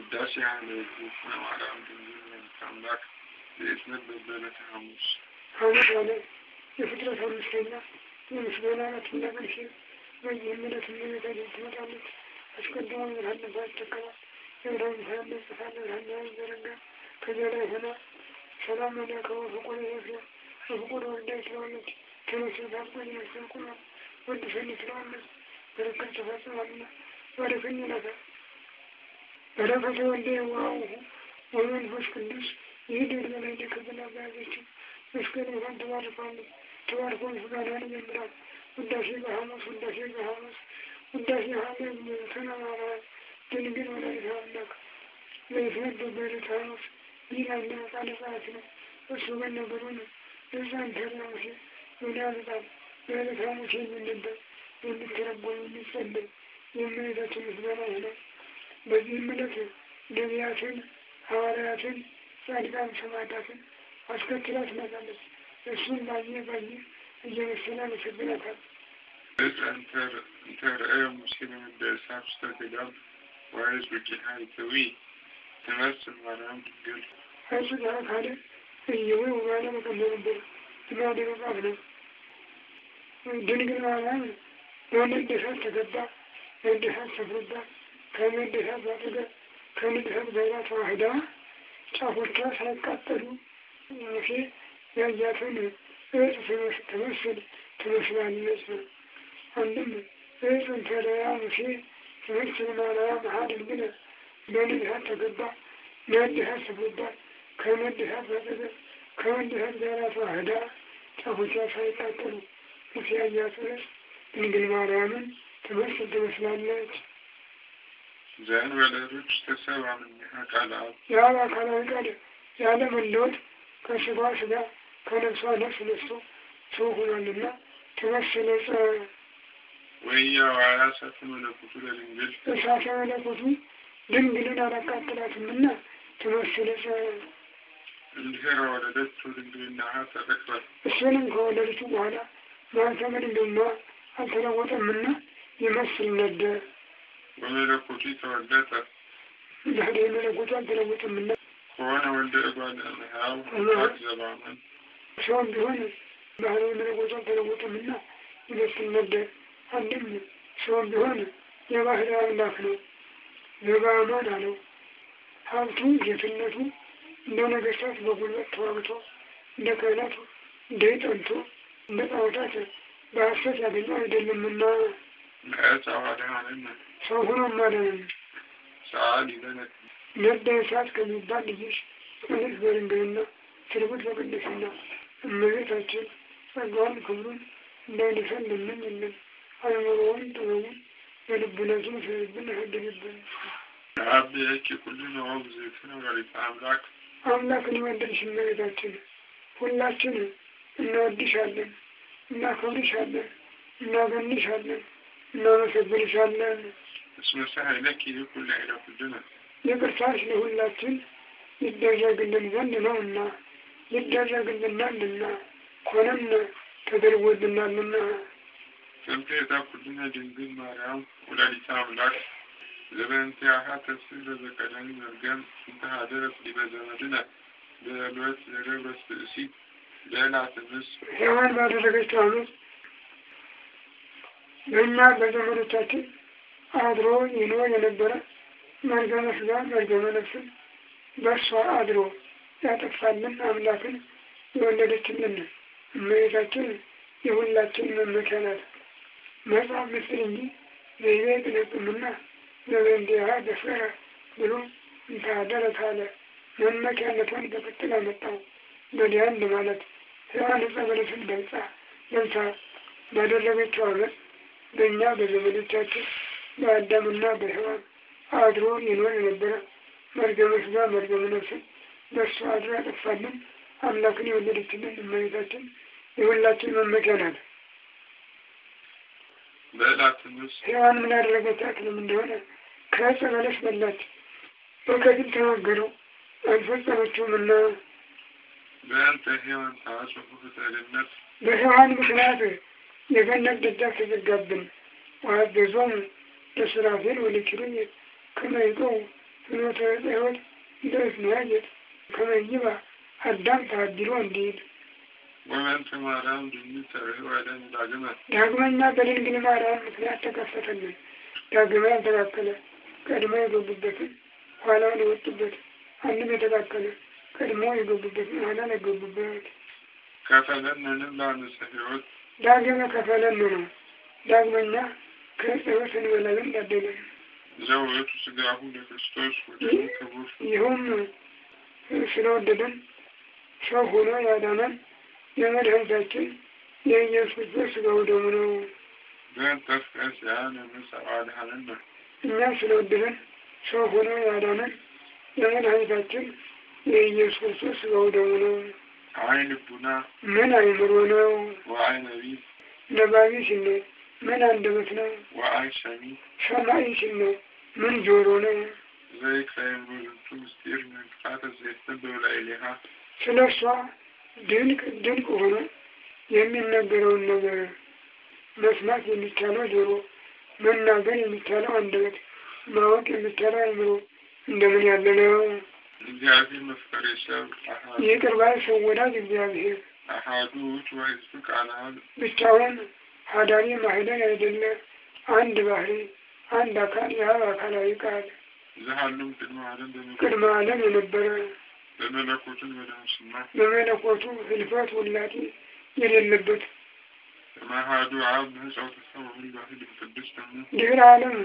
ውዳሴ አምላክ ወሐዋላ እንዲሁም አምላክ ለይትነበብ በዕለተ ሐሙስ ሐሙስ ማለት የፍጥረት የምስጋና ዕለት እንደምን ሲል በዚህም ዕለት ትመጣለች። አስቀድሞ ብርሃን ነፋስ ይጠቀማል የብርሃን ጽፋለ ብርሃን ዘረጋ ከዚያ ላይ ሆና ሰላም መላከው ፍቁር ይፍሬ በፍቁር ወዳይ ስለሆነች ከመስረታት ቆይ በረከት ተፈጽሟልና ባረከኝ ይላታል በረከተ ወልደ የዋህሁ ወመንፈስ ቅዱስ ይህደል በላይለ ክብና ባያዘችው መስገን ውሃን ተባርፋለች። ተባርፎ ምስጋናን ይጀምራል። ውዳሴ በሐሙስ ውዳሴ በሐሙስ ውዳሴ ሐሙስ ተናማራ ድንግል ወላዲተ አምላክ ለይትነበብ በዕለተ ሐሙስ ይላና ቃለ ሰዓት ነው። እሱ በነበሩ ነው እዛን ተናሙሴ ምን ያዝጣል በዕለተ ሐሙስ የሚነበብ የሚተረጎም የሚጸልይ የእመቤታችን ምስጋና ይሆናል። Bezinin mülkü, dünyasın, havariyatın, sadıkan sabahtasın. Başka kiraz mezarız. Resul bazı bazı Yerusalem için bırakın. أنت ترى مسلم بأسحاب استدلال وعيز بجهاز طويل تمثل مرام الجل هل سجعك هذا يوي وغانا مكمل بر تمادي مقابلة دنقل معنا وانا اندحاس تقدع اندحاس تفردع ከምድህብ ከምድህብ ዘይላ ተዋህዳ ጫፎቿ ሳይቃጠሉ ሙሴ ያያትን እጽ ትመስል ትመስላለች ነው። አንድም እጽን ተለያ ሙሴ ትምህርት ማላያ መሀል እንግነ በንድሀት ተገባ መድሀት ተገባ ከመድሀት በጠገብ ከመድሀት ጋራ ተዋህዳ ጫፎቿ ሳይቃጠሉ ሙሴ ያያት እጽ ድንግል ማርያምን ትመስል ትመስላለች። ዘን ወለዶች ተሰባምኝ አካላት ያን አካላዊ ቃል ያለ መለወጥ ከስጋ ስጋ ከነፍሷ ነፍስ ነስቶ ሰው ሆኗልና ተመሰለ ጸ ወያዋያ እሳተ መለኮቱ ለድንግል እሳተ መለኮቱ ድንግልን አላቃጥላትምና ተመሰለ ጸ እንዲህራ ወለደቱ ድንግልና ተረክባል እሱንም ከወለደቱ በኋላ ማንተምን እንደማ አልተለወጠምና ይመስል ነበር በመለኮቱ ተወለጠ ይህ የመለኮቱ አልተለወጠምና ከሆነ ወልደ እጓለነው አብ ዘባምን ሰውም ቢሆን ባህላዊ መለኮቱ አልተለወጠምና ሁለቱም ነበር። አንድም ሰውም ቢሆን የባህሪ አምላክ ነው። ዘባማን አለው ሀብቱ ጌትነቱ እንደ ነገስታት በጉልበት ተዋግቶ እንደ ካህናት እንዳይጠንቶ እንደ ጣዖታት በሀሰት ያገኘው አይደለምና ከእጽ አዋደ ሰው ሆኖ ማዳነን ነዳ እሳት ከሚባል ልጅሽ ቅድስት በድንግልና ስርብት በቅድስና እመቤታችን ጸጋውን ክብሩን እንዳይነሳን ለምንልን። አእምሮውን ጥበቡን በልቡነቱን ስርብን አሳድግብን። አምላክ አምላክን ወደድሽ እመቤታችን፣ ሁላችን እናወድሻለን፣ እናከብርሻለን፣ እናገንሻለን። لا መሸብር ሳለን እስመ ሰሀይ ለኪ ሊኩል ኢላ ኩልና ይቅርታሽ ለሁላችን ይደረግልን ዘንድ ነውና ይደረግልናልና ሆነም ተደርጎልናልና ሰምተ የታኩልና ድንግል ማርያም ወላዲተ አምላክ ዘበእንቲአሃ ተስዕር ዘቀዳሚ መርገም እንተ ሀደረት ዲበ ዘመድነ በዕልወት ዘገብረ ስእሲት ለእላትምስ ሔዋን ባደረገች ታሉት በእኛ በዘመዶቻችን አድሮ ይኖ የነበረ መርገመ ስጋ መርገመ ነፍስን በእርሷ አድሮ ያጠፋልን አምላክን የወለደችልን እመቤታችን የሁላችን መመኪያ ናት። መጽሐፍ ምስል እንጂ ዘይቤ ጥነቅምና ዘበንዲያ ደፍረ ብሎ እንታደረት አለ። መመኪያነቷን በቅጥል አመጣው በዲያን ለማለት ሕያው ዕፀ በለስን ደምጻ ደምሳ ባደረገችው አመፅ በእኛ በዘመዶቻችን በአዳምና በሔዋን አድሮ ይኖር የነበረ መርገመ ሥጋ መርገመ ነፍስን በእርሱ አድሮ ያጠፋልን አምላክን የወለደችልን እመቤታችን የሁላችን መመኪያ ናት። ሔዋን ምን ያደረገች አቅልም እንደሆነ ከዕፀ በለስ በላች። በከፊል ተናገሩ አልፈጸመችውም እና በሔዋን ምክንያት የገነት ደጃፍ ተዘጋብን። ወአገዞም በስራፌል ወለኪሩቤል ከመ ይእትዉ ፍኖተ ዕፀ ሕይወት እንተ ያጌጥ አዳም ተአቢሎ እንዲል ወመንተ ማርያም ዳግመ ዳግመኛ በድንግል ማርያም ምክንያት ተከፈተልን። ዳግመ ያልተካከለ ቀድሞ የገቡበትን ኋላውን የወጡበት አንድም የተካከለ ቀድሞ የገቡበትን ኋላን የገቡበት ከፈለን ንብላ ንጽሕ ዳግም ዳግመ ነው ዳግመኛ ክርስቶስ እንበላለን ታደለ ዘውቱ ስጋሁ ለክርስቶስ ይህም ስለወደደን ሰው ሆኖ ያዳነን የመድኃኒታችን የኢየሱስ ስጋው ደሙ ነው። እኛ ስለወደደን ሰው ሆኖ ያዳነን የመድኃኒታችን የኢየሱስ ስጋው ደሙ ነው። አይን ቡና ምን አይምሮ ነው? ወአይን አቢብ ነባቢ ሲነ ምን አንደበት ነው? ወአይ ሰሚ ሰማይ ሲነ ምን ጆሮ ነው? ዘይት ከአይምሮ ልብቱ ምስጢር መንቅፋት ዘይትን በላይሌሃ ስለ እሷ ድንቅ ድንቅ ሆነ የሚነገረውን ነገር መስማት የሚቻለው ጆሮ፣ መናገር የሚቻለው አንደበት፣ ማወቅ የሚቻለው አይምሮ እንደምን ያለ ነው። እግዚአብሔር መፍቀሬ ሰብ እግዚአብሔር አሐዱ ቃልሃል ብቻውን ሀዳሪ ማህደር አይደለ አንድ ባህሪ አንድ አካል የአብ አካላዊ ቃል ቅድመ ዓለም ቅድመ ዓለም የነበረ በመለኮቱ በመለኮቱ ህልፈት ውላጤ የሌለበት ማህዱ አብ ምህጻው ተሰውሪ ባህል ቅዱስ ድህረ ዓለም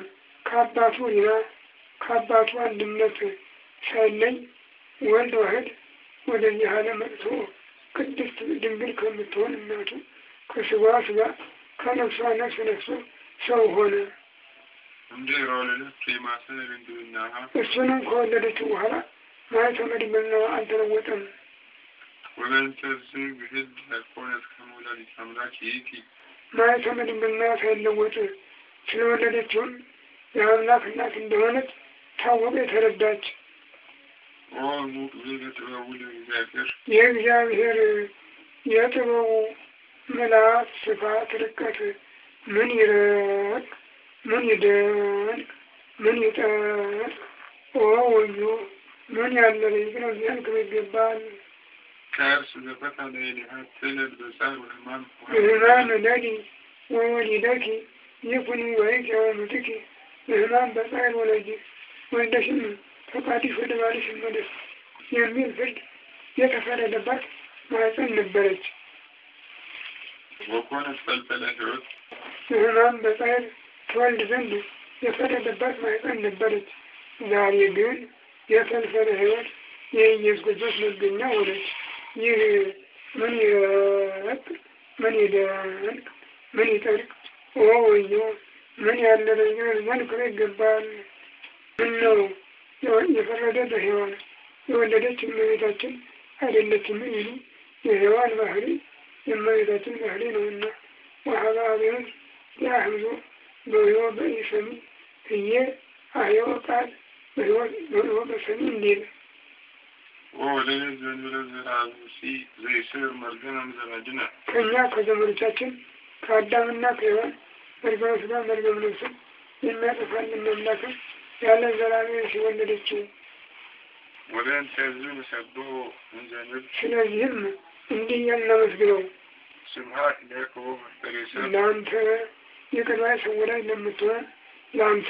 ከአባቱ ሌላ ከአባቱ አንድነት ሳይለይ ወልድ ዋህድ ወደዚህ ዓለም መጥቶ ቅድስት ድንግል ከምትሆን እናቱ ከስጋ ስጋ ከነፍሷ ነፍስ ነፍሶ ሰው ሆነ። እሱንም ከወለደችው በኋላ ማየተ ድንግልናዋ አልተለወጠም። ማየተ ህድ ሳይለወጥ ስለወለደችውም የአምላክ እናት እንደሆነች ታወቀ የተረዳች የእግዚአብሔር የጥበቡ ምላት ስፋት ርቀት ምን ይረቅ ምን ይደንቅ ምን ይጠቅ ኦ ወዮ ምን ያለ ለይት ነው ዚያልክ ይገባል ከእርሱ ዘፈቀደ ሊሀትል በጻር ወህማም ህማም ለኪ ወወሊደኪ ይኩኒ ወይት ያወኑትኪ ህማም በጻር ወለጅ ወልደሽም በባልሽ ወደ ባልሽ ይመለስ የሚል ፍርድ የተፈረደባት ማኅፀን ነበረች። ህማም ፈልፈለ ትወልድ ዘንድ የፈረደባት ማኅፀን ነበረች። ዛሬ ግን የፈልፈለ ህይወት የኢየሱስ ልጆች መገኛ ሆነች። ይህ ምን ይረቅ ምን ይደንቅ ምን ይጠርቅ ኦ ወዮ ምን ያለበኛል ነገር ይገባል ምን ነው የፈረደ በሔዋን የወለደች እመቤታችን አይደለችም ይሉ የሔዋን ባህሪ የእመቤታችን ባህሪ ነውና ወሀበ አብዮት ለአህምዞ በሕዮ በኢሰሚ እየ አሕዮ ቃል በሕዮ በሰሚ እንዲል ወወለደት ከእኛ ከዘመዶቻችን ከአዳምና ከሔዋን መርገመ ሥጋ መርገመ ነፍስን የሚያጠፋልን አምላክን ያለ ዘራቢዎች የወለደችው ወበእንተዝ ንሰብሖ እንዘንብል፣ ስለዚህም እንዲህ እናመስግነው። ስብሐት ለከ ወመሕበሬሰብ፣ ለአንተ የቀዳይ ሰወዳጅ ለምትሆን ለአንተ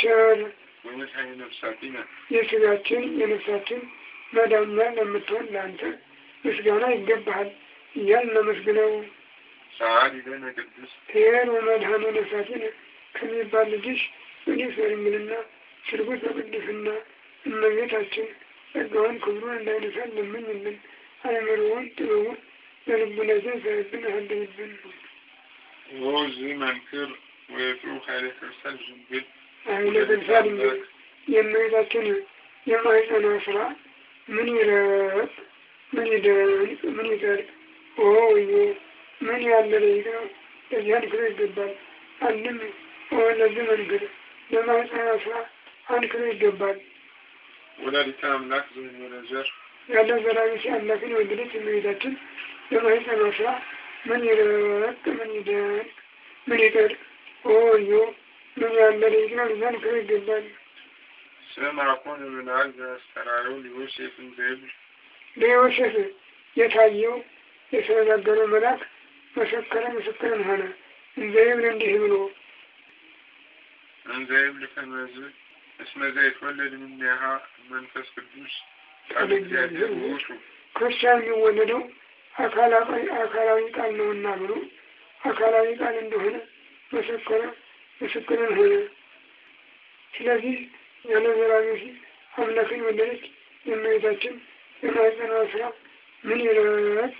ቸር ወመድኃኔ ነፍሳቲነ፣ የስጋችን የነፍሳችን መዳኛ ለምትሆን ለአንተ ምስጋና ይገባሃል እያል እናመስግነው። ሰዓሊ ደነ ቅዱስ ኄር ወመድኃኔ ነፍሳቲነ ከሚባል ልጅሽ ወዲሰርምንና ስርጉት በቅድስና እመቤታችን ጸጋዋን ክብሩን እንዳይነሳን ለምኝልን። አእምሮውን ጥበቡን በልቡናችን ሳይብን አሳድርብን። ወዝ መንክር ወይቱ ሀይለ ክርስቲያን ዝንግል ሀይለ ክርስቲያን ዝንብል የእመቤታችን የማይጸና ስራ ምን ይረብ ምን ይደንቅ ምን ይጠርቅ ወዮ ምን ያለ ለይታ ለዚህ አንክሮ ይገባል። አንም ወለዚህ መንክር የማኅፀን አስራ አንድ ኪሎ ይገባል። ወላዲተ አምላክ ዘእንበለዘር ያለ ዘራቢ አምላክን ወለደች እመቤታችን አስራ ምን ይረቅ ምን ይደርቅ ምን ይጠርቅ ኦዮ ምን ያለ ይገባል። ምናል ለዮሴፍ የታየው የተነጋገረው መልአክ መሰከረ ምስክርን ሆነ እንዘብል እንዲህ ብሎ እንዘይም ሊፈመዝ እስመ ዘይትወለድ እምኔሃ መንፈስ ቅዱስ ቃል እግዚአብሔር ውእቱ ክርስቲያን የሚወለደው አካላዊ ቃል ነውና ብሎ አካላዊ ቃል እንደሆነ መሰከረ፣ ምስክርን ሆነ። ስለዚህ ያለ ዘራቢ አምላክን ወለደች የእመቤታችን የማኅፀኗ ስራ ምን ይደረግ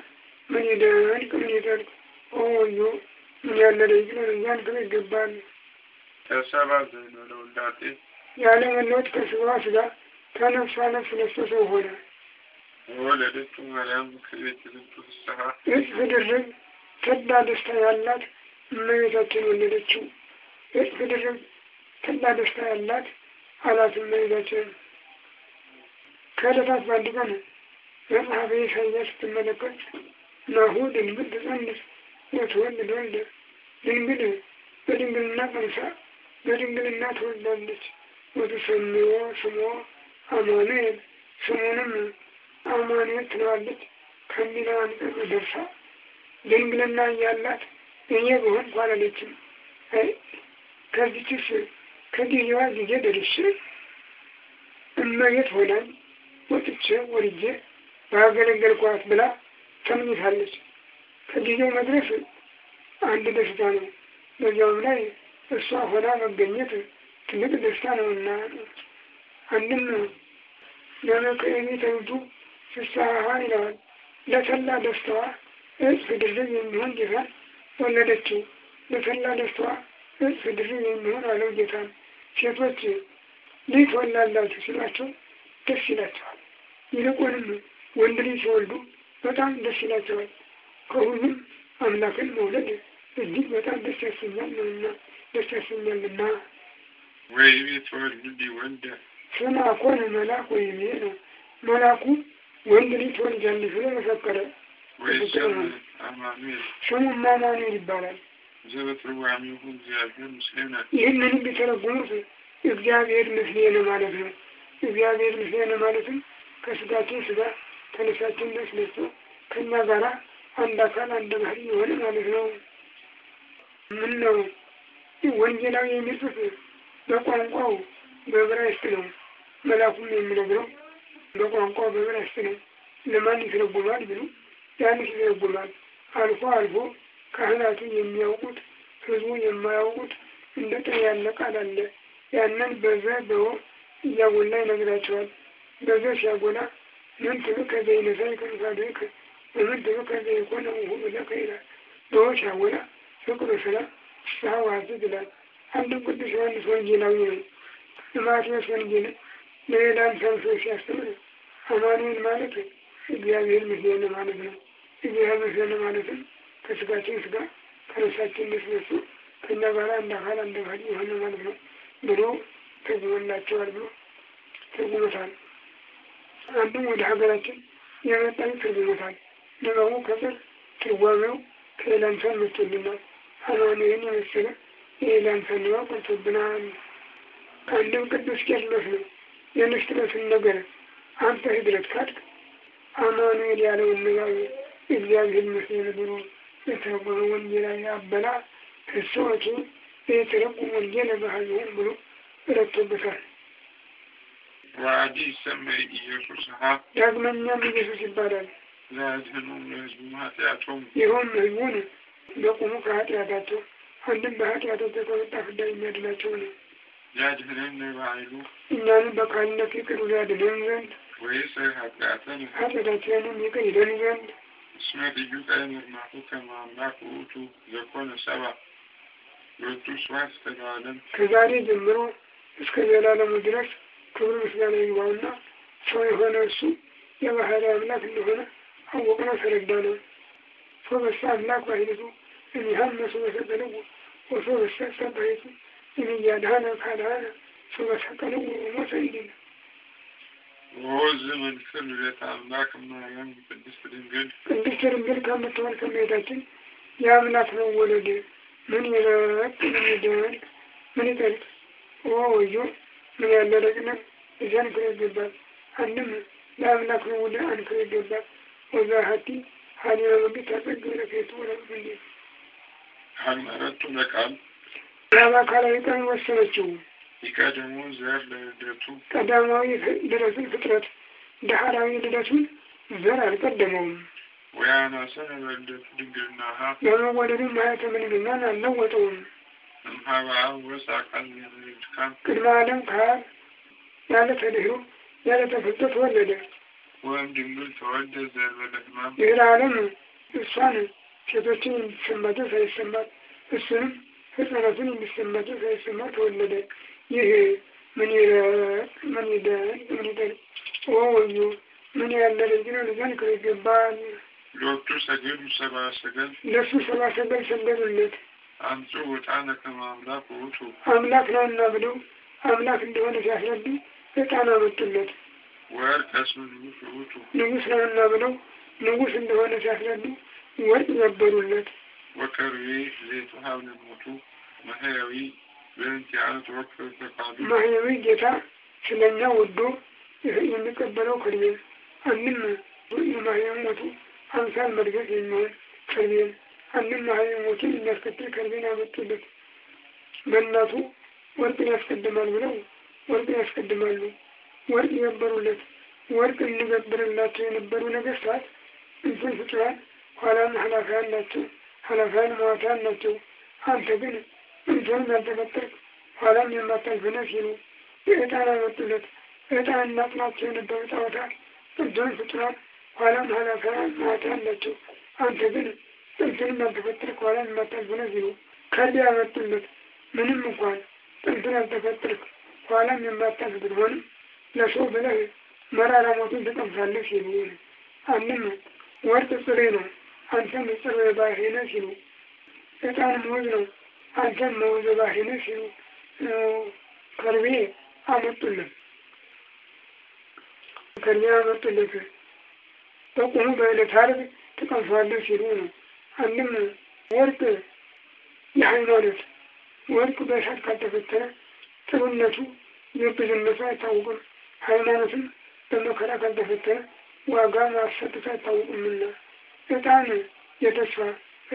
ምን ይደርቅ ምን ይደርቅ ኦ ምን ያለ ለይቅ ለዚያን ክብር ይገባል። ተሰባዘኑ ለውላጤ ያለ መለወጥ ከስጋ ስጋ ከነፍሳ ነፍስ ነስቶ ሰው ሆነ። ወለደቱ ማርያም ከቤት ልቱ ፍስሐ እጽ ብድርብ ደስታ ያላት እመቤታችን ወለደችው። እጽ ብድርብ ተድላ ደስታ ያላት አላት እመቤታችን። ከዕለታት በአንድ ቀን መጽሐፈ ኢሳይያስ ስትመለከት ናሁ ድንግል ትጸንስ ወትወልድ ወልደ ድንግል በድንግልና ጸንሳ በድንግልና ትወልዳለች። ወደ ሰሚዎ ስሞ አማኑኤል ስሙንም አማኑኤል ትለዋለች ከሚለው አንቀጽ ደርሳ ድንግልና እያላት እኔ በሆን ኳላለችም ከዚችስ ከጊዜዋ ጊዜ ደርሼ እመቤት ሆናኝ ወጥቼ ወርጄ ባገለገልኳት ብላ ተመኝታለች። ከጊዜው መድረስ አንድ ደስታ ነው። በዚያውም ላይ እሷ ሆና መገኘት ትልቅ ደስታ ነውና አንድም ለመቀየሚ ተውቱ ፍሳሐን ይለዋል። ለተላ ደስታዋ እጽፍ ድርብ የሚሆን ጌታን ወለደችው። ለተላ ደስታዋ እጽፍ ድርብ የሚሆን አለው ጌታን። ሴቶች ልጅ ትወላላችሁ ሲሏቸው ደስ ይላቸዋል። ይልቁንም ወንድ ልጅ ሲወልዱ በጣም ደስ ይላቸዋል። ከሁሉም አምላክን መውለድ እጅግ በጣም ደስ ያሰኛል ነውና ደስ ያሰኛልና ወይሜ ትወልድ ወልደ ስማ ኮነ መልአክ ወይሜ ነው መልአኩ ወንድ ልጅ ትወልጃለሽ ብሎ መሰከረ። ስሙ አማኑኤል ይባላል። ይህንንም ቢተረጉሙት እግዚአብሔር ምስሌ ነው ማለት ነው። እግዚአብሔር ምስሌ ነው ማለትም ከስጋችን ስጋ ከነፍሳችን ነፍስ ነስቶ ከእኛ ጋራ አንድ አካል አንድ ባህሪ የሆነ ማለት ነው። ምን ነው ወንጌላዊ የሚሉት በቋንቋው በዕብራይስጥ ነው። መላኩም የሚነግረው በቋንቋው በዕብራይስጥ ነው። ለማን ይተረጉማል ቢሉ ያን ይተረጉማል። አልፎ አልፎ ካህናቱ የሚያውቁት ህዝቡ የማያውቁት እንደ ጥሬ ያለ ቃል አለ። ያንን በዘ በወ እያጎላ ይነግራቸዋል። በዘ ሲያጎላ ምን ትብቅ ከዘይነሳ ይከንሳዱ ወምን ትብቅ ከዘይኮነ ውሁ ብለከ ይላል። በወ ሲያጎላ ፍቅሩ ስለ ያዋዝዝ ይላል። አንድም ቅዱስ ዮሐንስ ወንጌላዊ ነው። ማቴዎስ ወንጌል ለሌላም ሰምሶ ሲያስተምር አማኑኤል ማለት እግዚአብሔር ምስሌነ ማለት ነው። እግዚአብሔር ምስሌነ ማለት ከስጋችን ስጋ ከነሳችን ነፍስ ነሱ ከእኛ ጋር አንድ አካል አንድ አካል የሆነ ማለት ነው ብሎ ተግበላቸዋል ብሎ ተርጉሞታል። አንዱም ወደ ሀገራችን የመጣ ተርጉሞታል። ነገሩ ከዘር ትርጓሜው ከሌላም ሰው መጥቶልናል። ስለሆነ ይህን የመሰለ የሌላም ፈንዋ ቆልቶብናል። አንድም ቅዱስ ቄርሎስ ነው የንስጥሮስን ነገር አንተ ህድረት ካድቅ አማኑኤል ያለውን ንባብ እግዚአብሔር መስለ ብሎ የተረጎመ ወንጌላዊ አበላ ህሰዎቹ የተረጎመ ወንጌል ባህሉን ብሎ ረድቶበታል። ወአዲ ይሰመይ ኢየሱስ ሀ ዳግመኛም ኢየሱስ ይባላል። ለአድህኖም ለህዝቡ ኃጢአቶም ይኸውም ነው። በቁሙ ከኃጢአታቸው አንድም በኃጢአታቸው ከወጣ ፍዳ የሚያድላቸው ነው። ሊያድነን በኃይሉ እኛንም በካህንነት ይቅር ሊያድነን ዘንድ ወይስ ኃጢአትን ኃጢአታችንን ይቅር ይለን ዘንድ እስመ ድዩ ቃል ምርማቱ ከማምላክ ውእቱ ዘኮነ ሰባ ወቱ ስዋስ ተለዓለም ከዛሬ ጀምሮ እስከ ዘላለሙ ድረስ ክብር ምስጋና ይግባውና ሰው የሆነ እሱ የባህሪ አምላክ እንደሆነ አወቅነው ተረዳ ነው። ሰው በሳ አምላክ ባይነቱ የሚሀመሱ ወሰጠነው ወሶ ሰጠበይቱ የሚያድሃነ ካልሃነ ስበሰቀነው ሞተ ይልና ወዝ መንክር ልደት አምላክ ማርያም ቅድስት ድንግል ቅድስት ድንግል ከምትሆን ከመሄዳችን የአምላክ መወለድ ምን ይረቅ ምን ይደረግ ምን ይጠልቅ ወዮ ምን ያለረቅነ እዚ አንክሮ ይገባል አንድም ለአምላክ መወለድ አንክሮ ይገባል ወዛ ሀቲ ሀሊበ መንግስት አጸግ ብለፌቱ ወለብንዴ ሀመረቱ ለቃል ለአካላዊታ ወሰነችው ይቀደሙ ዘር ለልደቱ ቀዳማዊ ድረስን ፍጥረት ዳህራዊ ልደቱን ዘር አልቀደመውም። ወያናሰን በልደቱ ድንግልናሃ በመወለዱ ማየተ ምንግናን አልለወጠውም። እምሃባ ወስ አቃል ቅድመ ዓለም ካር ያለ ተድህሮ ያለ ተፈጥሮ ተወለደ። ወይም ድንግል ተወልደ ዘር በለቅማም ይህን ዓለም እሷን ሴቶችን የሚሰማቸው ሳይሰማት እሱንም ህጻናትን የሚሰማቸው ሳይሰማ ተወለደ። ይህ ምን ወወዩ ምን ያለ ልጅ ነው! ልጃን ክሮ ይገባል። ለወቱ ሰገዱ ሰባ ሰገል ለእሱ ሰባ ሰገል ሰገዱለት። አንጾ ዕጣነ ከመ አምላክ ውእቱ አምላክ ነውና ብለው አምላክ እንደሆነ ሲያስረዱ ዕጣን አመጡለት። ወርቅ እስመ ንጉስ ውእቱ ንጉሥ ነውና ብለው ንጉስ እንደሆነ ሲያስረዱ ወርቅ ነበሩለት። ወከርቤ ዘይጽሀብ ንሞቱ ማህያዊ በእንቲአነ ተወክፈ ተቃዱ ማህያዊ ጌታ ስለኛ ወዶ የሚቀበለው ከርቤን አንድም የማህያዊ ሞቱ አምሳል መድገፍ የሚሆን ከርቤን አንም ማህያዊ ሞቱን የሚያስከትል ከርቤን ያመጡለት። በእናቱ ወርቅን ያስቀድማል ብለው ወርቅን ያስቀድማሉ። ወርቅ የነበሩለት ወርቅ እንገብርላቸው የነበሩ ነገስታት እንትን ፍጡራን ኋላም ኃላፊያን ናቸው፣ ኃላፊያን ሞታን ናቸው። አንተ ግን እንትን ያልተፈጠርክ ኋላም የማታልፍነት ሲሉ ዕጣን አመጡለት። ዕጣን እናጥናቸው የነበሩ ጣዖታት ጥንቱን ፍጥሯል። ኋላም ኃላፊያን ሞታን ናቸው። አንተ ግን ጥንትን ያልተፈጠርክ ኋላም የማታልፍነት ሲሉ ከዲ ያመጡለት። ምንም እንኳን ጥንትን ያልተፈጠርክ ኋላም የማታልፍ ብትሆንም ለሰው ብለህ መራራ ሞትን ትቀምሳለህ ሲሉ አንም ወርቅ ጥሬ ነው። አንተም እጽር ባሕነ ሲሉ ዕጣንም ወዝ ነው አንተም መውዝ ባሕነ ሲሉ ከርቤ አመጡለት ከርቤ አመጡለት በቁሙ በዕለት ዓርብ ተቀምሷል ሲሉ ነው። አንድም ወርቅ የሃይማኖት ወርቅ በእሳት ካልተፈተረ ጥሩነቱ የብዝነቱ አይታወቅም። ሃይማኖትም በመከራ ካልተፈተረ ዋጋ ማሰጡት አይታወቅምና እጣን የተስፋ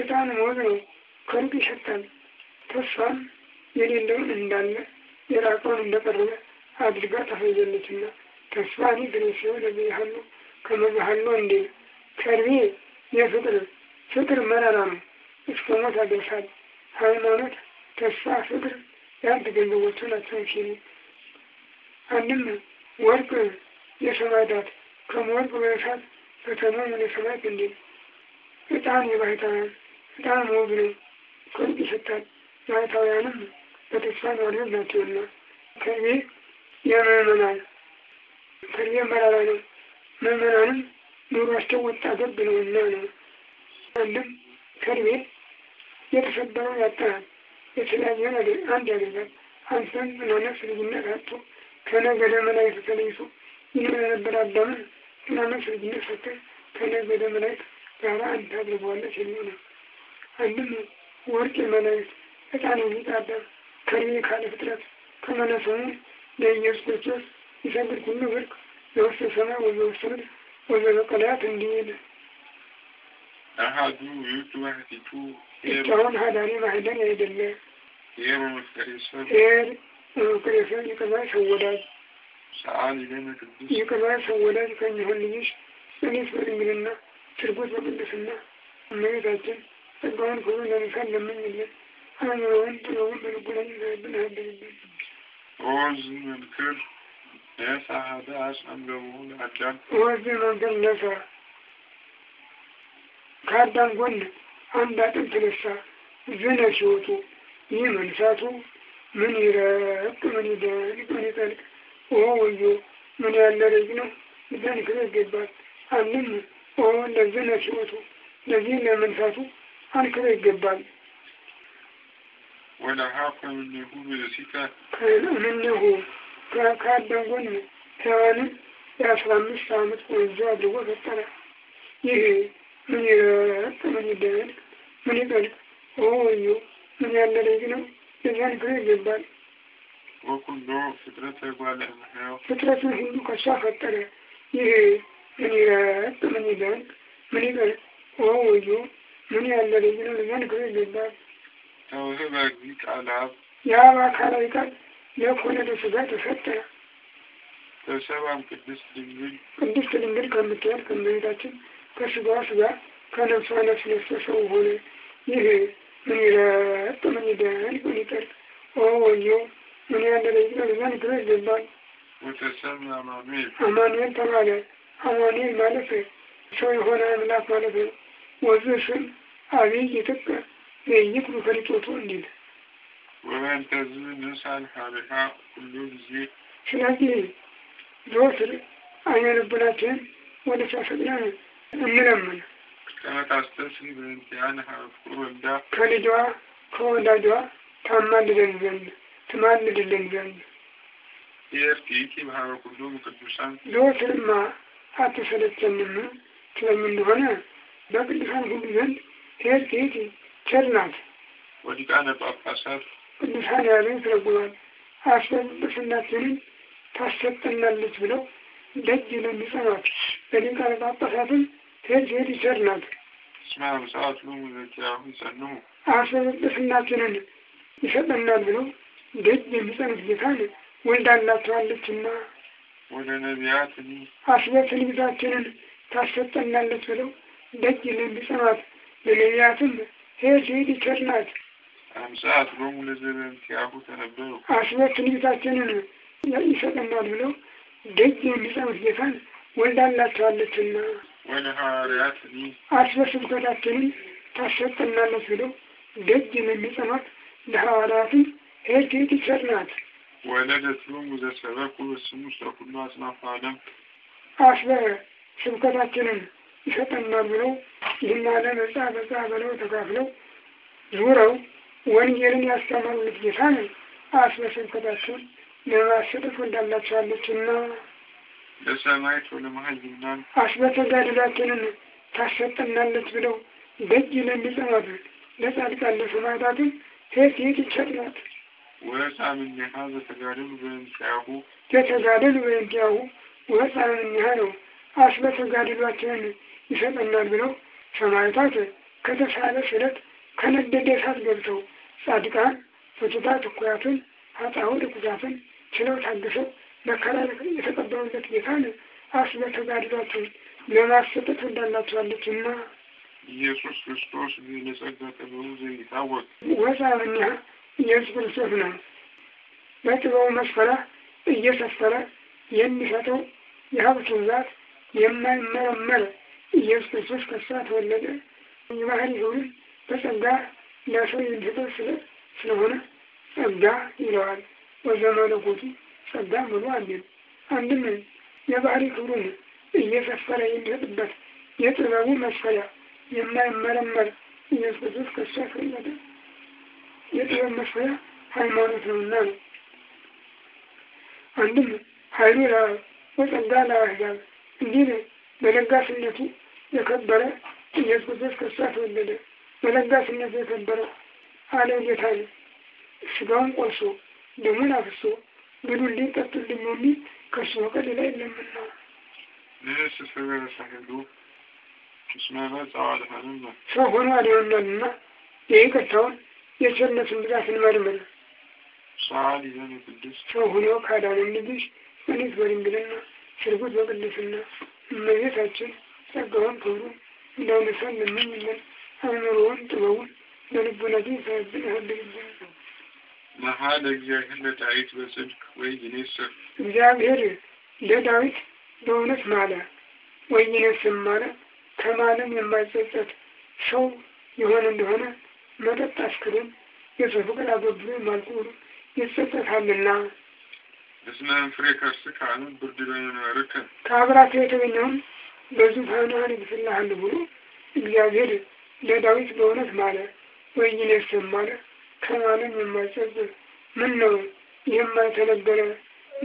እጣን ሞት ነው። ከሩቅ ይሸታል። ተስፋም የሌለውን እንዳለ የራቀውን እንደቀረበ አድርጋ ታሳየለችና ተስፋኒ ግሬሴው ለብያሃሉ ከመዛሃሉ እንዴ ከርቤ የፍቅር ፍቅር መራራ ነው፣ እስከ ሞት ያደርሳል። ሃይማኖት፣ ተስፋ፣ ፍቅር የአንድ ገንዘቦቹ ናቸው ሲሉ አንድም ወርቅ የሰማዕታት ከመወርቅ በእሳት ፈተናውን የሰማዕት እንዴ በጣም የባሕታውያን በጣም ውብ ነው። ከወርቅ ይሸታል። ባይታውያንም በተስፋ ነዋሪዎች ናቸውና ከርቤ የምዕመናን ከርቤ መራራ ነው። ምዕመናንም ኑሯቸው ወጣ ገብ ነውና ነው። አንድም ከርቤ የተሰበረው ያጣል፣ የተለያየን አንድ ያገኛል። አንተም ለነፍስ ልጅነት አጥቶ ከነገደ መላእክት ተለይቶ ይኖር የነበረ አዳምን ለነፍስ ልጅነት ሰጥተህ ከነገደ መላእክት ጋር አንድ አድርጓለች ነው። አንድም ወርቅ የመላእክት ዕጣን የሚጣደር ከርቤ ካለ ፍጥረት ከመነሰሙ ለኢየሱስ ክርስቶስ ይሰግድ ሁሉ ብርቅ ዘውስተ ሰማይ ወዘውስተ ምድር ወዘበቀላያት እንዲል አሃዱ ይውጡ ዋህቲቱ ብቻውን ሀዳሪ ማህደር አይደለ ኤር መመከሬሰብ ይቅርባይ ሰወዳጅ ይቅርባይ ሰወዳጅ ከሚሆን ልጅሽ ጽንስ በድንግልና ስርጎት በቅድስና እመቤታችን ጸጋዋን ሁሉ ለነሳን ለምኝልን። አእምሮውን ጥበቡን በልቡናችን ዘረብን አደርብን። ኦዝ ምልክር ለሳሀደ አጸምገቡ ለአዳም ኦዝ ነሳ ከአዳም ጎን አንድ አጥንት ነሳ። ዝነ ሲወጡ ይህ መንሳቱ ምን ይረቅ ምን ይደንቅ ምን ይጠልቅ ወዮ ምን ያለ ረጅ ነው። ይገባል አንም ወሆን ለዚህ ለሕይወቱ ለዚህ ለመንፈሱ አንክሮ ይገባል። ወለሀቀ ምንሁ ብእሲተ ምንሁ ከአዳም ጎን ሔዋንን የአስራ አምስት ዓመት ቆንጆ አድርጎ ፈጠረ። ይህ ምን ይረጥ ምን ይደረግ ምን ይጠልቅ ወዮ ምን ያለ ነው። ለዚህ አንክሮ ይገባል። ወኩሎ ፍጥረትን ሁሉ ከሷ ፈጠረ። ምን ይላል? ምን ይላል? ምን ኦ ምን ያለ ልጅ ነው ልመንክር ይባል የአብ አካላዊ ቃል ለኮነደ ስጋ ተፈጠረ። ቅድስት ድንግል ቅድስት ድንግል ከምትሆን ከእመቤታችን ስጋ ከነፍሷ ነፍስ ለብሶ ሰው ሆነ። ይህ ምን ይረጥ ምን ይደል ምን ምን ያለ ልጅ ነው ልመንክር ይባል አማኑኤል ተባለ። አሞኔ ማለት ሰው የሆነ አምላክ ማለት ነው። ወዘስም አብይ ጥቀ ዘይክሩ ከሪጦቱ እንዲል ወበንተዝ ንሳን ሀብሃ ሁሉ ጊዜ ስለዚህ ዘወትር አይነ ልቡናችንን ወደ ሲያፈቅዳን እንለምን ከመታስተስን በንቲያን ሀፍቁ ወልዳ ከልጇ ከወላጇ ታማልደን ዘንድ ትማልድልን ዘንድ የርቲቲ ባህረ ሁሉም ቅዱሳን ዘወትርማ አትሰለቸንም ትለኝ እንደሆነ በቅዱሳን ሁሉ ዘንድ ትሄድ ትሄድ ቸር ናት። ወዲቃነ ጳጳሳት ቅዱሳን ያለ ይተረጉማል። አስበቅስናችንን ታሰጠናለች ብለው ደጅ ለሚጸኗት በዲቃነ ጳጳሳትም ትሄድ ትሄድ ቸር ናት። ስማምሰዓት ይሰጠናል ብለው ደጅ የሚጸኑት ጌታን ወልዳላቸዋለችና ወደ ነቢያት አስበህ ትንቢታችንን ታሰጠናለች ብለው ደጅ ለሚጽናት ለነቢያትም ሄድ ሄድ ይቸር ናት አምሳት በሙሉ ለዘበንቲያሁ ተነበሩ አስበህ ትንቢታችንን ይሰጠናል ብለው ደጅ የሚጸኑት ጌታን ወልዳላቸዋለችና ወደ ሐዋርያት አስበህ ስብከታችንን ታሰጠናለች ብለው ደጅ ለሚጽናት ለሐዋርያትም ሄድ ሄድ ይቸር ወለደትሎም ዘሰበኩ በስሙ ውስጥ ሁሉ አጽናፈ ዓለም አስበ ስብከታችንን ይሰጠናል ብለው ይህን ዓለም እጻ በጻ ብለው ተካፍለው ዙረው ወንጌልን ያስተማሩት ጌታ ነው። አስበ ስብከታችን ለማሰጠት ወዳላቸዋለችና ለሰማይት ወለመሀይምናን አስበ ተጋድላችንን ታሰጠናለች ብለው ደጅ ለሚጸናት ለጻድቃን ለሰማዕታትም ሴት ሴት ይቸጥናት ወሳ ምን ያሀ ዘተጋደሉ በእንቲያሁ ዘተጋደሉ በእንቲያሁ ወሳ ምን ያሀ ነው አስበ ተጋድሏቸውን ይሰጠናል ብለው ሰማዕታት ከተሳለ ስለት ከነደደ እሳት ገብተው ጻድቃን ፈቱታ ትኩያቱን ኃጥአውን ርኩሳትን ችለው ታግሰው መከራ የተቀበሉለት ጌታን አስበ ተጋድሏቸውን ለማሰጠት ወዳላቸዋለች እና ኢየሱስ ክርስቶስ ለጸጋ ጠበቡ ዘይታወቅ ወሳ ምን ያሀ የሕዝብን ጽሑፍ ነው። በጥበቡ መስፈራ እየሰፈረ የሚሰጠው የሀብቱ ብዛት የማይመረመር ኢየሱስ ክርስቶስ ከሳ ተወለደ። የባህሪ ክብርን በጸጋ ለሰው የሚሰጠው ስለ ስለሆነ ጸጋ ይለዋል። ወዘመለኮቱ ጸጋ ምሉ አለን። አንድም የባህሪ ክብሩን እየሰፈረ የሚሰጥበት የጥበቡ መስፈሪያ የማይመረመር ኢየሱስ ክርስቶስ ከሳ ተወለደ። የጥበብ መስሪያ ሃይማኖት ነውና ነው። አንድም ኃይሉ ለአብ ወጸጋ ለአሕዛብ በለጋስነቱ የከበረ ኢየሱስ ክርስቶስ ከእሷ ተወለደ። በለጋስነቱ የከበረ አለ ጌታ ነው። ስጋውን ቆርሶ ደሙን አፍሶ ብሉልኝ ጠጡልኝ የሚል ከእሱ በቀር ሌላ የለምና ሰው ሆኖ የይቅርታውን የቸነትን ብዛት እንመርምር። ሰው ሆኖ ካዳነን ልጅሽ ምኒት በድንግልና ስርጉት በቅድስና እመቤታችን ጸጋውን ክብሩ እንዳይነሳን ለምኝልን። አእምሮውን ጥበቡን በልቡናችን ሳያብን ያሳድግብን። መሀል እግዚአብሔር ለዳዊት በጽድቅ ወይ ይኔስር እግዚአብሔር ለዳዊት በእውነት ማለ ወይ ይኔስር ማለ ከማለም የማይጸጸት ሰው የሆነ እንደሆነ መጠጥ አስክርም የሰ ፍቅር አበብሬ ማልቁር ይጸጸታልና እስመ ፍሬ ከርስከ አነ ብርድ በመንበርከ ከአብራት የተገኘውን በዙፋንህ ይብስልሃል ብሎ እግዚአብሔር ለዳዊት በእውነት ማለ። ወይን ያሰማለ ከማለም የማይጸጽ ምን ነው ይህም የተነገረ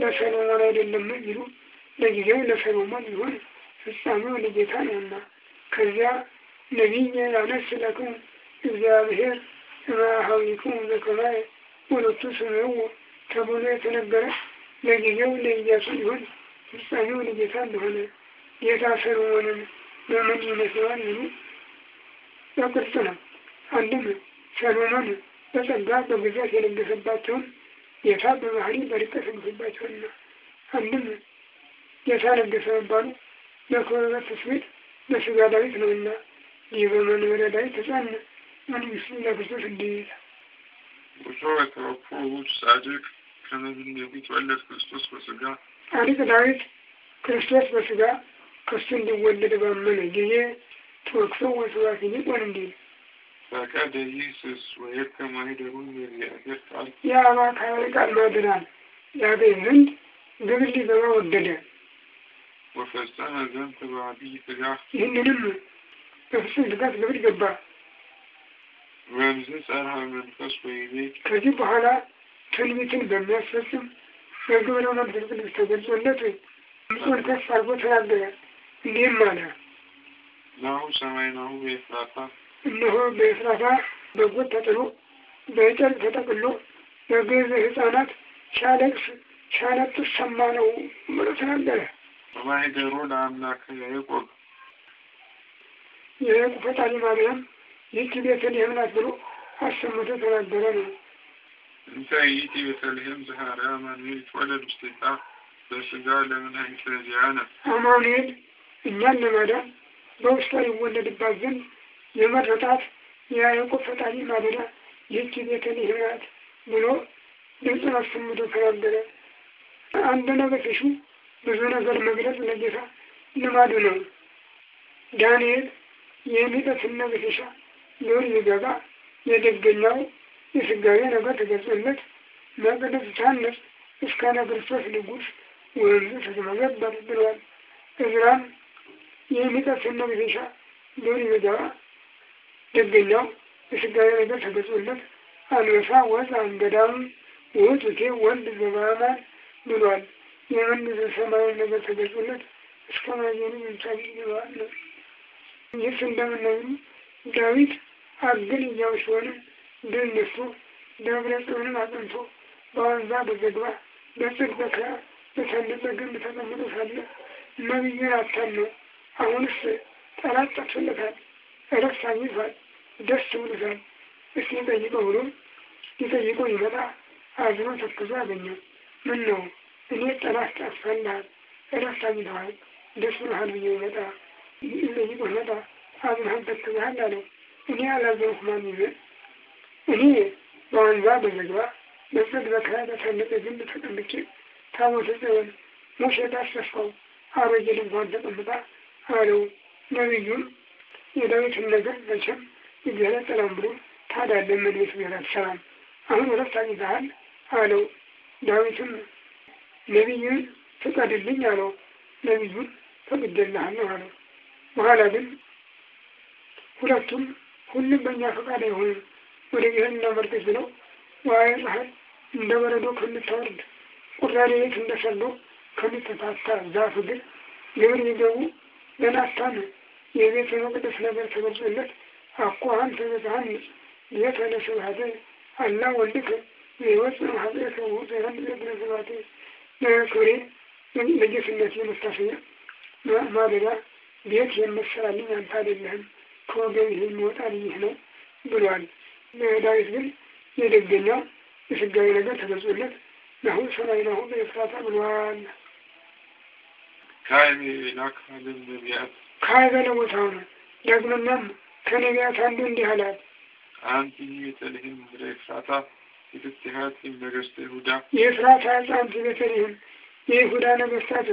ለሰሎሞን አይደለም ይሉ ለጊዜው ለሰሎሞን ይሁን ፍጻሜው ለጌታ ነውና ከዚያ ነቢይ ያነስ ስለክሙ እግዚአብሔር ሰማያዊክሙ ዘከማየ ሁለቱ ስምዑ ተብሎ የተነገረ ለጊዜው ለኢያሱ ይሁን ፍጻሜው ለጌታ እንደሆነ ጌታ ሰሎሞንን በምን ይመስለዋል? ሚሉ በቅርጽ ነው። አንድም ሰሎሞን በጸጋ በብዛት የነገሰባቸውን ጌታ በባህሪ በርቀት ነገሰባቸውና፣ አንድም ጌታ ነገሰ መባሉ በክብረ ትስብእት በስጋ ዳዊት ነውና ይህ በመንበረ ዳዊት ተጻነ when we see that we do indeed. Adică noi, Hristos vă sugea, că sunt de unde de vreo mână, de e, tu o să o să fie nimic oră în din. Dacă de Iisus, o iertă mai de unde e, iertă altă. Ia, mă, ca e ca lua de la, ia de rând, de unde de vreo de de. O să stă în zâmpă, va abii pe gafă. E în rând, pe fostul de gafă, de vreo de bă. በብዝ ጸራ መንፈስ ወይቤ ከዚህ በኋላ ትንቢትን በሚያስፈጽም በግብረ መልስ ቅዱስ ተገልጾለት ምጽን ከፍ አድርጎ ተናገረ። እንዲህም አለ ናሁ ሰማይ ናሁ በኤፍራታ እነሆ በኤፍራታ በጎት ተጥሎ በጨርቅ ተጠቅሎ በግዕዝ ሕፃናት ሲያለቅስ ሲያነጥስ ሰማ ነው ብሎ ተናገረ። ማይደሮ ለአምላክ ያዕቆብ የያዕቆብ ፈጣሪ ማርያም ይህች ቤተልሔም ናት ብሎ አሰምቶ ተናገረ ነው። እንተ ይእቲ ቤተልሔም ዘሃራ አማኑኤል ይትወለድ ውስጢታ በስጋ ለምን ለመድኃኒተ ዚአነ። አማኑኤል እኛን ለማዳን በውስጧ ይወለድባት ዘንድ የመረጣት የያዕቆብ ፈጣሪ ማደዳ ይህች ቤተልሔም ናት ብሎ ድምፅን አሰምቶ ተናገረ። አንድ ነገር ሲሹ ብዙ ነገር መግለጽ ለጌታ ልማዱ ነው። ዳንኤል የሚጠትን ነገር ሲሻ ዱር ይገባ የደገኛው የስጋዊ ነገር ተገልጾለት መቅደስ ታነጽ እስከ ነክርስቶስ ንጉሥ ወንዙ ተመዘበር ብሏል። እዝራም የሚጠስን መግዜሻ ዱር ይገባ ደገኛው የስጋዊ ነገር ተገልጾለት አንበሳ ወዝ አንገዳም ውእቱቴ ወልድ ዘበአማን ብሏል። የመንዝ ሰማያዊ ነገር ተገልጾለት እስከ ማየኑ ምንቻ ይገባል። ይህ እንደምናዩ ዳዊት አግል ያው ድል ነስቶ ደብረ ጽዮንን አጽንቶ በዋንዛ በዘግባ በጽድ በክራ በታነጸ ግንብ ተቀምጦ ሳለ ነቢይን አታሎ አሁንስ ጠላት ጠፍቶለታል፣ እረፍት አግኝቷል፣ ደስ ብሎታል፣ እስኪ ጠይቀው ብሎ ሊጠይቀው ይመጣ አዝኖ ተክዞ አገኘው። ምን ነው እኔ ጠላት ጠፍቶልሃል፣ እረፍት አግኝተዋል፣ ደስ ብሎሃል ብዬ ይመጣ ይጠይቀው ይመጣ አብርሃም ተክተሃል አለው። እኔ አላዘንኩም አሚን። እኔ በዋንዛ በዘግባ መጽድ በከ በተለጠ ግንብ ተጠምቄ ታቦተ ጽዮን ሙሴ ባሰፋው አሮጌ ድንኳን ተቀምጣ አለው። ነቢዩም የዳዊትን ነገር መቼም እግዚአብሔር ጠላም ብሎ ታዲያ ለምን ቤት አትሰራም? አሁን እረፍት አግኝተሃል አለው። ዳዊትም ነቢዩን ፍቀድልኝ አለው። ነቢዩን ፈቅጄልሃለሁ አለው። በኋላ ግን ሁለቱም ሁሉም በእኛ ፈቃድ የሆነ ወደ ይህን ለመርጥ ብለው ዋይ ፀሐይ እንደ በረዶ ከምታወርድ ቁራሌ ቤት እንደ ሰሎ ከምትታታ ዛፍ ግን ግብር ይገቡ ለናታን የቤተ መቅደስ ነገር ተገልጾለት አኳሃን አንተ በዛሃን የተነ አላ ወልድከ የወፅ ሀዘተ ውፅያን ዘግነ ስብሐቴ ለክብሬ ለጌትነት የመስታሰኛ ማደሪያ ቤት የመሰራልኝ አንተ አይደለህም ከወገን ይህም ይወጣል ይህ ነው ብሏል። ዳዊት ግን የደገኛ የስጋዊ ነገር ተገጹለት ናሁን ሰማይ ናሁን ኤፍራታ ብሏል። ካይበለ ቦታው ነው። ደግመናም ከነቢያት አንዱ እንዲህ አላት አንቲ ቤተልሔም ዘኤፍራታ የፍትሀት ነገስተ ይሁዳ የኤፍራታ አንቲ ቤተልሔም የይሁዳ ነገስታት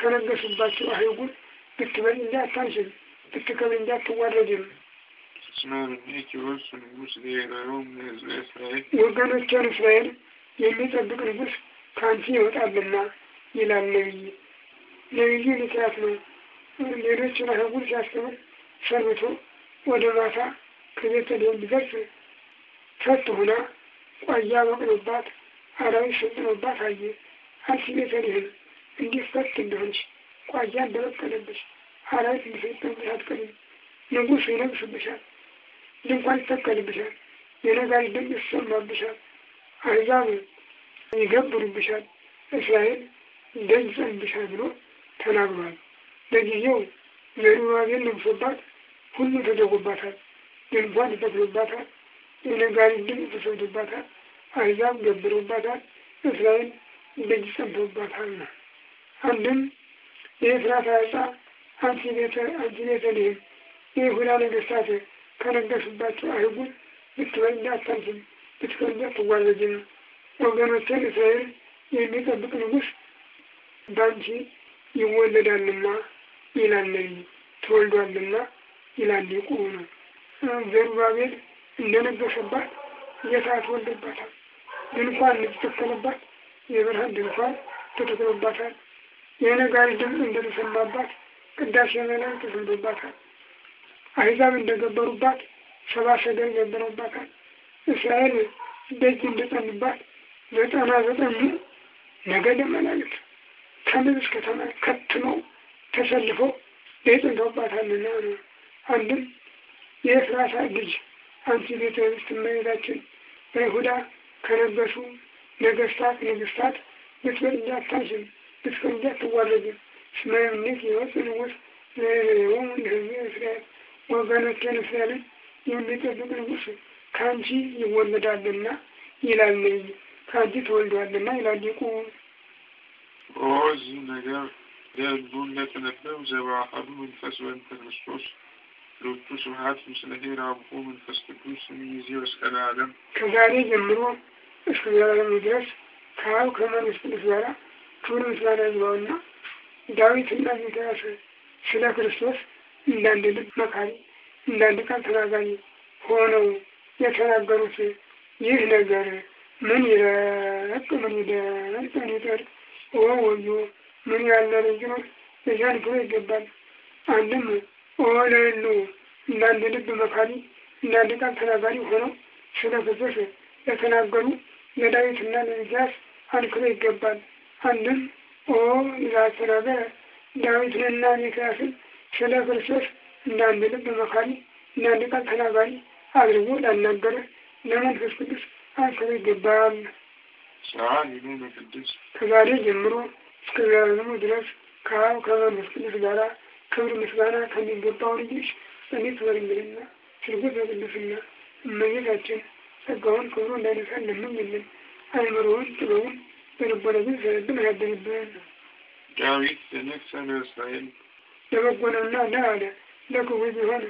ከነገሱባቸው አይጉል ብትበል እንዲ አታንችል ትክክል እንዳትዋረድም ወገኖቿን እስራኤል የሚጠብቅ ንጉስ ከአንቺ ይወጣልና ይላል ነቢይ። ነቢዩ ሚክያስ ነው። ሌሎች ረሃቡን ሲያስተምር ሰርቶ ወደ ማታ ከቤተልሔም ቢደርስ ፈት ሆና ቋያ በቅሎባት አራዊት ሰልጥኖባት አየ። አንቺ ቤተልሔም እንዲህ ፈት እንደሆንሽ ቋያ እንደበቀለብሽ አራት ጊዜ ተንቀሳቀሉ። ንጉሡ ይለብስብሻል፣ ድንኳን ይተከልብሻል፣ የነጋሪ ድምፅ ይሰማብሻል፣ አሕዛብ ይገብሩብሻል፣ እስራኤል ይደንጸንብሻል ብሎ ተናግሯል። ለጊዜው ዘሩባቤል ለብሶባት ሁሉ ተደርጎባታል። ድንኳን ይተክሉባታል የነጋሪ ድምፅ ተሰምቶባታል፣ አሕዛብ ገብሩባታል፣ እስራኤል ደጅ ጸንቶባታልና አንድም የኤፍራታ ያጻ አጅኔ ዘልህም የይሁዳ ነገሥታት ከነገሱባቸው አይጉድ ብትወልድ አታንስም፣ ብትወልድ አትዋረጅ ነው። ወገኖችን እስራኤል የሚጠብቅ ንጉስ በአንቺ ይወለዳልና ይላለኝ ነቢዩ፣ ተወልዷልና ይላል ሊቁ ነው። ዘሩባቤል እንደነገሰባት ጌታ ተወልዶባታል። ድንኳን እንደተተከለባት የብርሃን ድንኳን ተተክሎባታል። የነጋሪ ድምፅ እንደተሰማባት ቅዳሴ መላእክት ተሰምቶባታል። አሕዛብ እንደገበሩባት ሰባ ሰገል ገብረውባታል። እስራኤል ደጅ እንደጠኑባት ዘጠና ዘጠኝ ነገ ደመናለት ከምድር እስከ ሰማይ ከትመው ተሰልፈው ደይጥንተውባታልና ነው። አንድም የኤፍራታ ልጅ አንቺ ቤተ ኅብስት እመቤታችን በይሁዳ ከነበሱ ነገስታት ንግስታት ብትበልጅ አታንሽም፣ ብትፈንጅ አትዋረጅም ሽማግሌት የወፅን ንጉሥ ለሌሌውም ለሕዝብ እስራኤል ወገኖቼን እስራኤልን የሚጠብቅ ንጉስ ከአንቺ ይወለዳልና ይላል ነኝ ከአንቺ ተወልዷልና ይላል ሊቁ። ኦዝ ነገር ደሉ እንደተነበብ ዘባአሐዱ መንፈስ በእንተ ክርስቶስ ሎቱ ስብሐት ምስለ ሄር መንፈስ ቅዱስ ሚዜ መስቀል ዓለም ከዛሬ ጀምሮ እስከ ዘላለም ድረስ ከአብ ከመንፈስ ቅዱስ ጋራ ክብር ምስጋና ይግባውና ዳዊት እና እንዳልደረሰ ስለ ክርስቶስ እንዳንድ ልብ መካሪ እንዳንድ ቃል ተናጋሪ ሆነው የተናገሩት ይህ ነገር ምን ይረቅ ምን ይደርቅ ምን ይጠርቅ ወወዮ ምን ያለ ልጅ እዚያን ብሎ ይገባል። አንድም ኦለሉ እንዳንድ ልብ መካሪ እንዳንድ ቃል ተናጋሪ ሆነው ስለ ክርስቶስ የተናገሩ ለዳዊት እና ለሚኪያስ አንክሎ ይገባል። አንድም ኦ ዛተናበ ዳዊትንና ሚክያስን ስለ ክርስቶስ እንዳንድ ልብ መካሪ እንዳንድ ቃል ተናጋሪ አድርጎ ላልነበረ ለመንፈስ ቅዱስ አስሩ ይገባል። ከዛሬ ጀምሮ እስከ ዘላለሙ ድረስ ከአብ ከመንፈስ ቅዱስ ጋር ክብር ምስጋና ከሚገባው ልጆች እኔ በድንግልና ስርጉት በቅዱስና እመቤታችን ጸጋውን ክብሩ እንዳይነሳ ለምንልን አይምሮውን ጥበቡን ዳዊት ነፍሰ እስራኤል ለበጎ ነውና ና አለ፣ ለክቡ ቢሆን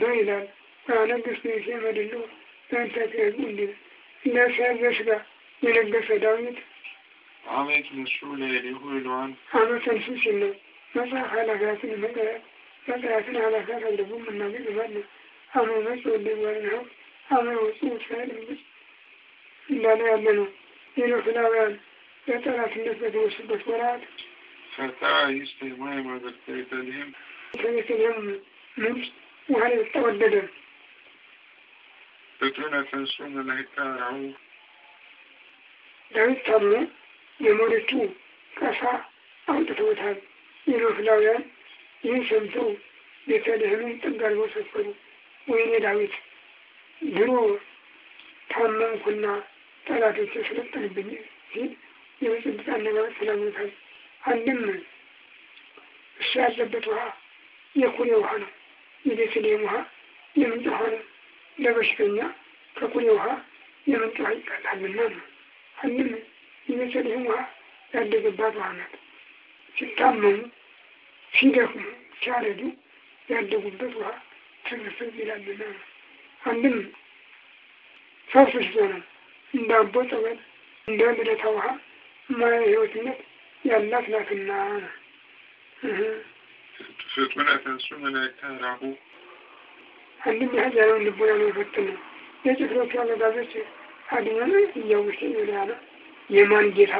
በል ይላል። አነግሥቱ መድሎ በእንተ ትቤዙ እንዲል ለእስራኤል ዘሥጋ የነገሰ ዳዊት አቤት ንሱ ለኤሊሁ ይለዋል። አመት ሲል ነው መጽሐፍ ኃላፊያትን መጽሐፍ መጽሐፍን ኃላፊያት አለቡ መናገር ይባል ነው። አመ መጽ ወደጓል ነው አመ ወፁ እስራኤል እንዳለ ያለ ነው ሌሎፍላውያን በጠላትነት በተወሰዱበት ወራት ከቤተልሔም ምንጭ ውሃ ሊጠጣ ወደደ። ዳዊት ታሞ የሞሪቱ ቀሳ አውጥተውታል። የሎፍላውያን ይህን ሰምተው ቤተልሔምን ጥግ አድርገው ሰፈሩ። ወይኔ ዳዊት ድሮ ታመምኩና ጠላቶች ስለጠሉብኝ ሲል የቤተክርስቲያን ነገሮች ስለምንታይ አንድም እሱ ያለበት ውሃ የኩሬ ውሃ ነው። የቤተልሔም ውሃ የምንጭ ውሃ ነው። ለበሽተኛ ከኩሬ ውሃ የምንጭ ውሃ ይቀላልና ነው። አንድም የቤተልሔም ውሃ ያደገባት ውሃ ናት። ሲታመሙ፣ ሲደክሙ፣ ሲያረጁ ያደጉበት ውሃ ትርፍርፍ ይላልና ነው። አንድም ፈውስ ይዞ ነው እንደ አቦ ጸበል እንደ ልደታ ውሃ ህይወትነት ያላት ናትና አንድም ያህል ያለውን ልቦና ነው የፈትን የጭፍሮቹ ይላለ የማን ጌታ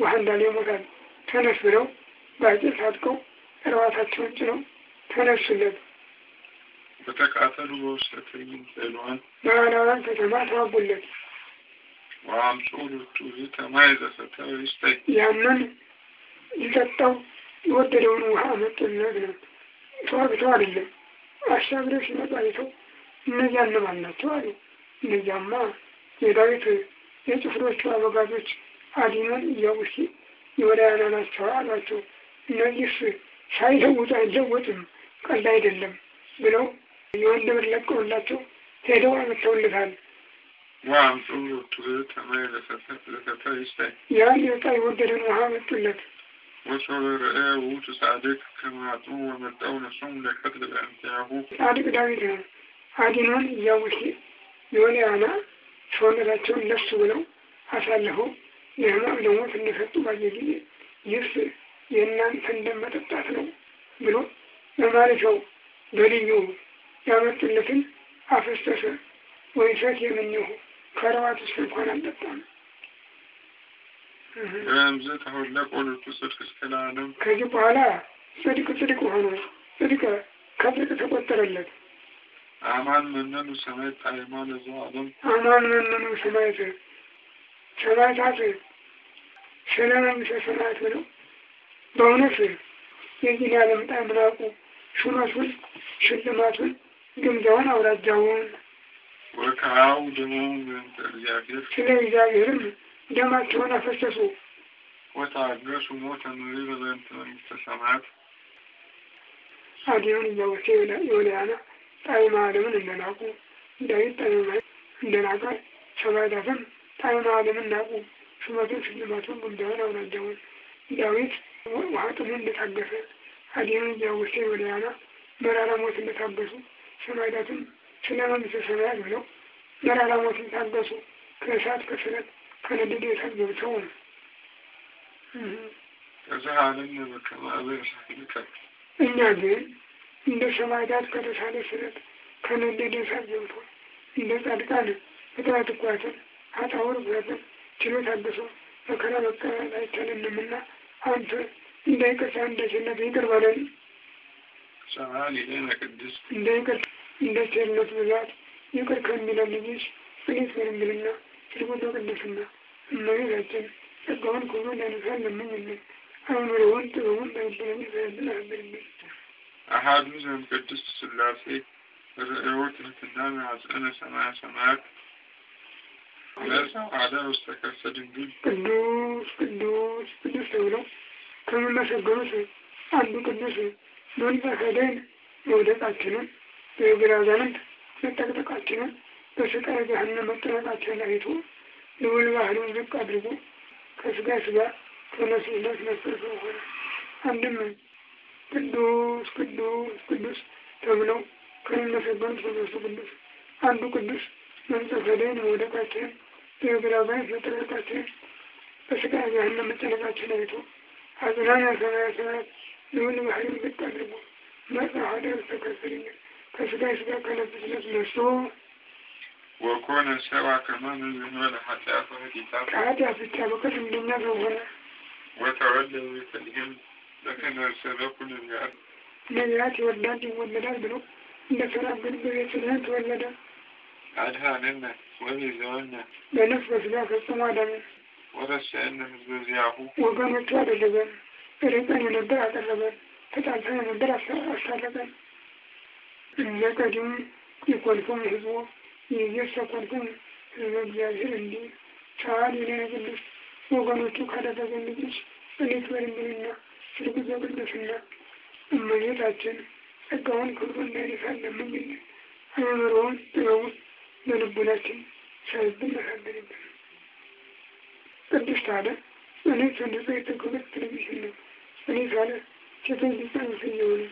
ውሃ እንዳለ ይሞታል ተነስ ብለው በአጭር ታጥቀው እርባታቸውን ጭነው ተነሱለት። በተቃተሉ በውስጥ ተኝም ጸሏን ከተማ ተዋጉለት። ዋምፁ ርቱ ተማይ ዘሰተ ይስጠኝ ያንን ሊጠጣው የወደደውን ውሃ መጠመቅ ነው። ተዋግቶ አይደለም አሻግረው ሲመጣ አይተው እነዚያ እነማን ናቸው አሉ። እነዚያማ የዳዊት የጭፍሮቹ አበጋዞች አዲኖን ኢያቡሲ የወዳያና ናቸው አሏቸው። እነዚህ ሳይለውጡ አይለወጥም ቀላ አይደለም ብለው የወንድ ለቀውላቸው ሄደው አመጥተውልታል። ወአምጡ ውእቱ ማይ ለፈተ ይስታይ ያየጣ የወደደን ውሃ መጡለት ወሶበ ርአ ውእቱ ጻድቅ ከማጡ ወመጣው ነፍሱም ለከትል በእንቲአሁ ጻድቅ ዳዊት ነው። አዲኖን እያውሽ የሆነ ያና ሰውነታቸውን ለሱ ብለው አሳልፈው ለሕማም ለሞት እንደሰጡ ባየ ጊዜ ይህስ የእናንተ እንደመጠጣት ነው ብሎ በማለፊያው በልዩ ያመጡለትን አፈሰሰ ወይሰት የምንሁ ከረባት ውስጥ እንኳን አልጠጣም። ከዚህ በኋላ ጽድቅ ጽድቅ ሆኖ ጽድቅ ከጽድቅ ተቆጠረለት። አማን መነኑ ሰማዕት አእማነ ዘዓለም አማን መነኑ ሰማዕት ሰማዕታት ስለ መንግሥተ ሰማዕት ብለው በእውነት የዚህን ዓለም ጣዕም ሹመቱን፣ ሽልማቱን፣ ግምጃውን፣ አውራጃውን ወካው ደሞም እግዚአብሔር ስለ እግዚአብሔርም ደማቸውን አፈሰሱ። ወታገሱ ሞተ እምሪበ በእንተ መንግሥተ ሰማያት አዲዮን እያወሴ የወለያና ጣዕመ ዓለምን እንደናቁ ዳዊት ጣዕመ እንደናቀ ሰባዳትም ጣዕመ ዓለምን ናቁ። ሹመቱን ሽልማቱን ጉዳዩን አውራጃውን ዳዊት ውሃጥን እንደታገሰ አዲዮን እያወሴ የወለያና መራራ ሞት እንደታገሱ ሰማዕታትም ስለ መንግሥተ ሰማያት ብለው መራራ ሞትን ታገሱ። ከእሳት ከስለት ከነደደ እሳት ነው። እኛ ግን እንደ ሰማዕታት ከተሳለ ስለት ከነደደ እሳት ገብቶ እንደ ጻድቃን በጥራት እኳትን አጣውር ጉዳትን ችሎ ታገሰው መከራ መቀበል አይቻለንምና አንተ እንዳይቀሳ እንደ ጀነት ይቅር በለን። ሰማሊ ለና እንደ እንዳይቀሳ እንደ ቸርነቱ ብዛት ይቅር ከሚለን ልጅሽ ፍሊት ምርምርና ትርጉቶ ቅድስና እመቤታችን ጸጋውን ሁሉ ለንሳን ለምኝልን አእምሮውን ጥበቡን ለልብለን ይፈያልን አብርልን አሃዱ ዘም ቅድስት ስላሴ ርእዮት ንትና ማዕፀነ ሰማያ ሰማያት ቅዱስ ቅዱስ ቅዱስ ተብለው ከሚመሰገኑት አንዱ ቅዱስ መንፈ ከደን መውደቃችንን የግራ ዘመንት መጠቅጠቃችንን በስቃይ ገሃነም መጠመቃችንን አይቶ ልውል ባህሪውን ዝቅ አድርጎ ከስጋ ስጋ ከነስነት ነፍስ ሆነ። አንድም ቅዱስ ቅዱስ ቅዱስ ተብለው ከሚመሰገኑት ሶስቱ ቅዱስ አንዱ ቅዱስ መንጸፈ ደይን መውደቃችንን የግራ ዘመንት መጠቀቃችንን በስቃይ ገሃነም መጨነቃችንን አይቶ አጽናኛ ሰማያ ሰማያት ልውል ባህሪውን ዝቅ አድርጎ መጽሐ ደርስ ተከስልኛል ከስጋ ስጋ ከለት ስለት ወኮነ ሰባ ከመን ዝንበል ኃጢአት ወህዲታ ከኃጢአት ብቻ በቀር እንደኛ በሆነ ወተወለ ቤተልሔም ለከነርሰ በኩል ነቢያት ይወልዳል ይወለዳል ብሎ እንደተናገሩ በቤተልሔም ተወለደ። በነፍስ በስጋ ፈጽሞ አዳነ። ወረሰነ ህዝበ ዚአሁ ወገኖቹ አደለበን ርቀን የነበር አቀረበን ተጣልተን የነበር አስታረቀን እንዘተድን ይኮንኩም ህዝቦ የኢየሱስ ተኮንኩም ህዝበ እግዚአብሔር እንዲ ቻል የኔነ ወገኖቹ ከደረገ ልጅ እኔት በድንግልና ስርጉዘ ቅድስና እመቤታችን ጸጋውን ክብሩ እንዳይነሳለን ምኝልን አእምሮውን ጥበቡን በልቡናችን ሳይብን መሳደርብን ቅዱስ ታለ እኔ ሰንድጸ የተጎበት ትልቢሽ ነው እኔ ካለ ሴቶች ሊጸንስ እየሆነ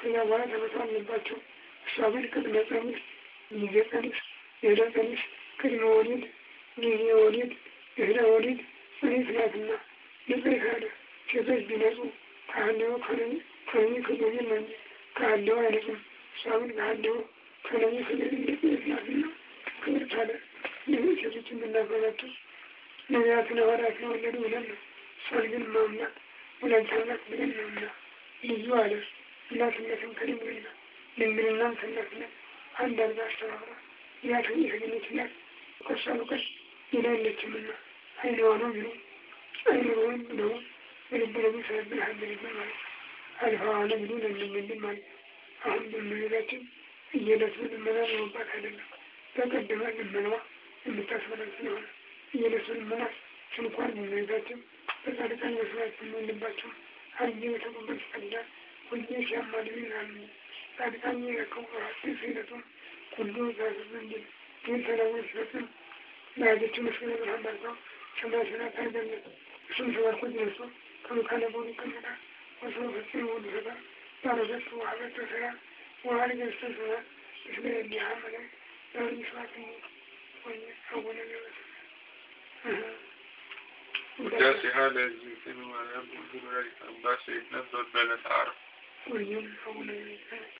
ከዚያ በኋላ ተመቶ እግዚአብሔር ቅድመ ፀንስ፣ ጊዜ ፀንስ፣ ዕደ ቅድመ ወሊድ፣ ጊዜ ወሊድ፣ ዕደ ወሊድ ጽንዕት ናትና ንጽሕት አለ። ሴቶች ቢነጹ ከሐሌው ከነቢብ ከጎሚል ነው እንጂ ከሐሌው አይነጹም። ከአለው ግን ከሐሌው ከነቢብ ናትና ክብርት አለ። ይህ ሴቶች የምናበረቱ ነቢያትን ሐዋርያትን የወለዱ ብለን ነው። እሷን ግን ማምላክ ሁለት አምላክ ብለን ነውና ልዩ አለ። እናትነትም ከድንግልና ልምልና ተነክነ አንድ አርጋ አስተባብራል። ያቱን ይህን ምክንያት ቀስ በቀስ ይላለችምና አይነዋ ነው ቢሉ አይኑሮን ብለው በልብለቡ ሳያብል ሀገሪበ ማለት አልፋዋ ነው ለምንልን ማለት አሁን በምንላችን እየለቱ ልመና ለመባት አይደለም በቀደመ ልመናዋ የምታስፈላጊ ስለሆነ እየለቱ ልመና ስንኳን በምንላችን በጻድቃን መስራት የምንልባቸው አንድ የተቆበት ቀዳ ሁኜ ሲያማልብን አሉ قد أني لكم سفينة كنوز الظل من تلوثة لا جدت مسكنة بالحبة كما سنة أيضا الشمس والقدس كانوا كلبون كلنا وصرف السلو والهبة درجت وعبت سلام وعلق السلسلة بسم الله عملا دار نسواتهم وأولا وجاسي هذا الجنسين ويبدو ذلك أن باشي يتنزل بين العرب ويوم أولا